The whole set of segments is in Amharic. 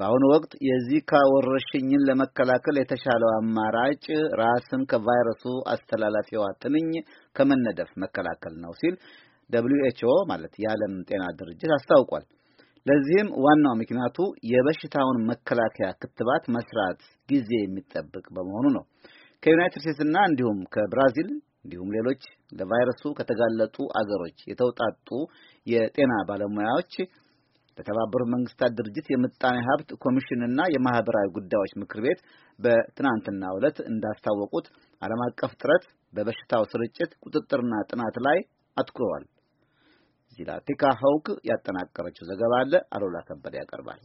በአሁኑ ወቅት የዚካ ወረርሽኝን ለመከላከል የተሻለው አማራጭ ራስን ከቫይረሱ አስተላላፊዋ ትንኝ ከመነደፍ መከላከል ነው ሲል ደብሊዩ ኤች ኦ ማለት የዓለም ጤና ድርጅት አስታውቋል። ለዚህም ዋናው ምክንያቱ የበሽታውን መከላከያ ክትባት መስራት ጊዜ የሚጠብቅ በመሆኑ ነው። ከዩናይትድ ስቴትስና እንዲሁም ከብራዚል እንዲሁም ሌሎች ለቫይረሱ ከተጋለጡ አገሮች የተውጣጡ የጤና ባለሙያዎች በተባበሩት መንግስታት ድርጅት የምጣኔ ሀብት ኮሚሽንና የማህበራዊ ጉዳዮች ምክር ቤት በትናንትና ዕለት እንዳስታወቁት ዓለም አቀፍ ጥረት በበሽታው ስርጭት ቁጥጥርና ጥናት ላይ አትኩረዋል። ዚላቲካ ሀውክ ያጠናቀረችው ዘገባ አለ አሉላ ከበደ ያቀርባል።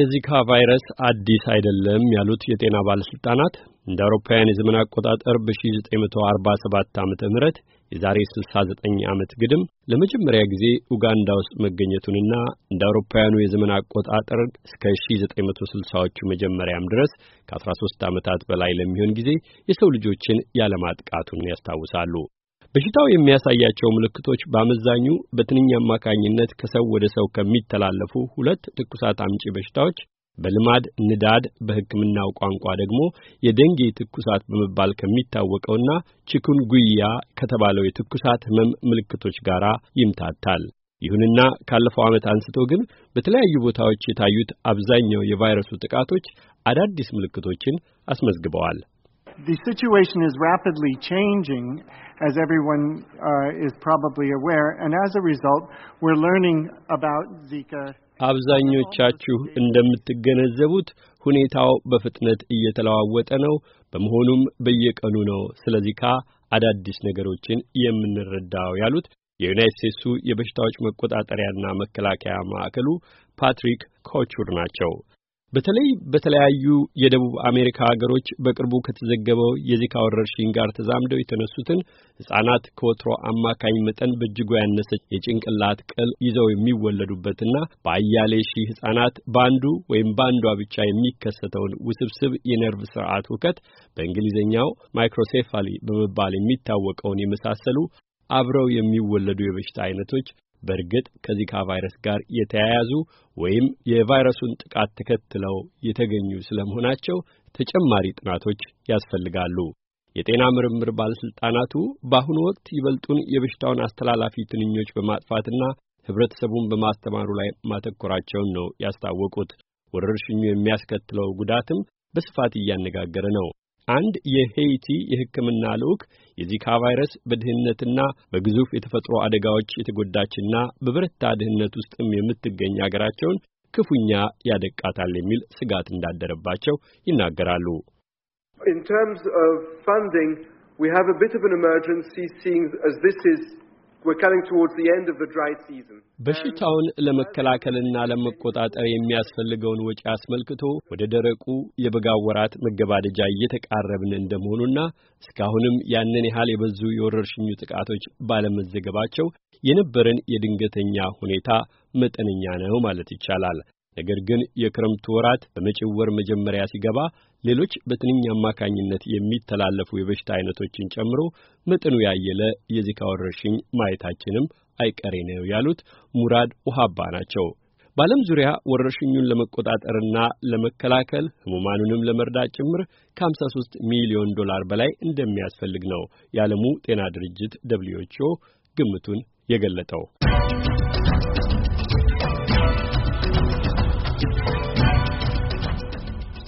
የዚካ ቫይረስ አዲስ አይደለም ያሉት የጤና ባለስልጣናት እንደ አውሮፓውያን የዘመን አቆጣጠር በ1947 ዓመተ ምህረት የዛሬ 69 ዓመት ግድም ለመጀመሪያ ጊዜ ኡጋንዳ ውስጥ መገኘቱንና እንደ አውሮፓውያኑ የዘመን አቆጣጠር እስከ 1960ዎቹ መጀመሪያም ድረስ ከ13 ዓመታት በላይ ለሚሆን ጊዜ የሰው ልጆችን ያለማጥቃቱን ያስታውሳሉ። በሽታው የሚያሳያቸው ምልክቶች በአመዛኙ በትንኝ አማካኝነት ከሰው ወደ ሰው ከሚተላለፉ ሁለት ትኩሳት አምጪ በሽታዎች በልማድ ንዳድ በሕክምናው ቋንቋ ደግሞ የደንጌ ትኩሳት በመባል ከሚታወቀውና ቺኩንጉያ ከተባለው የትኩሳት ህመም ምልክቶች ጋር ይምታታል። ይሁንና ካለፈው ዓመት አንስቶ ግን በተለያዩ ቦታዎች የታዩት አብዛኛው የቫይረሱ ጥቃቶች አዳዲስ ምልክቶችን አስመዝግበዋል። The situation is rapidly changing, as everyone uh, is probably aware, and as a result, we're learning about Zika. አብዛኞቻችሁ እንደምትገነዘቡት ሁኔታው በፍጥነት እየተለዋወጠ ነው። በመሆኑም በየቀኑ ነው ስለዚህ ካ አዳዲስ ነገሮችን የምንረዳው ያሉት የዩናይት ስቴትሱ የበሽታዎች መቆጣጠሪያና መከላከያ ማዕከሉ ፓትሪክ ኮቹር ናቸው። በተለይ በተለያዩ የደቡብ አሜሪካ ሀገሮች በቅርቡ ከተዘገበው የዚካ ወረርሽኝ ጋር ተዛምደው የተነሱትን ህጻናት ከወትሮ አማካኝ መጠን በእጅጉ ያነሰች የጭንቅላት ቅል ይዘው የሚወለዱበትና በአያሌ ሺህ ህጻናት በአንዱ ወይም በአንዷ ብቻ የሚከሰተውን ውስብስብ የነርቭ ስርዓት ውከት በእንግሊዝኛው ማይክሮሴፋሊ በመባል የሚታወቀውን የመሳሰሉ አብረው የሚወለዱ የበሽታ አይነቶች በእርግጥ ከዚካ ቫይረስ ጋር የተያያዙ ወይም የቫይረሱን ጥቃት ተከትለው የተገኙ ስለመሆናቸው ተጨማሪ ጥናቶች ያስፈልጋሉ። የጤና ምርምር ባለሥልጣናቱ በአሁኑ ወቅት ይበልጡን የበሽታውን አስተላላፊ ትንኞች በማጥፋትና ህብረተሰቡን በማስተማሩ ላይ ማተኮራቸውን ነው ያስታወቁት። ወረርሽኙ የሚያስከትለው ጉዳትም በስፋት እያነጋገረ ነው። አንድ የሄይቲ የሕክምና ልዑክ የዚካ ቫይረስ በድህነትና በግዙፍ የተፈጥሮ አደጋዎች የተጎዳችና በበረታ ድህነት ውስጥም የምትገኝ አገራቸውን ክፉኛ ያደቃታል የሚል ስጋት እንዳደረባቸው ይናገራሉ። In terms of funding, we have a bit of an emergency seeing as this is በሽታውን ለመከላከልና ለመቆጣጠር የሚያስፈልገውን ወጪ አስመልክቶ ወደ ደረቁ የበጋ ወራት መገባደጃ እየተቃረብን እንደመሆኑና እስካሁንም ያንን ያህል የበዙ የወረርሽኙ ጥቃቶች ባለመዘገባቸው የነበረን የድንገተኛ ሁኔታ መጠነኛ ነው ማለት ይቻላል። ነገር ግን የክረምቱ ወራት በመጪው ወር መጀመሪያ ሲገባ ሌሎች በትንኝ አማካኝነት የሚተላለፉ የበሽታ አይነቶችን ጨምሮ መጠኑ ያየለ የዚካ ወረርሽኝ ማየታችንም አይቀሬ ነው ያሉት ሙራድ ውሃባ ናቸው። በዓለም ዙሪያ ወረርሽኙን ለመቆጣጠርና ለመከላከል ህሙማኑንም ለመርዳት ጭምር ከ53 ሚሊዮን ዶላር በላይ እንደሚያስፈልግ ነው የዓለሙ ጤና ድርጅት ደብሊውኤችኦ ግምቱን የገለጠው።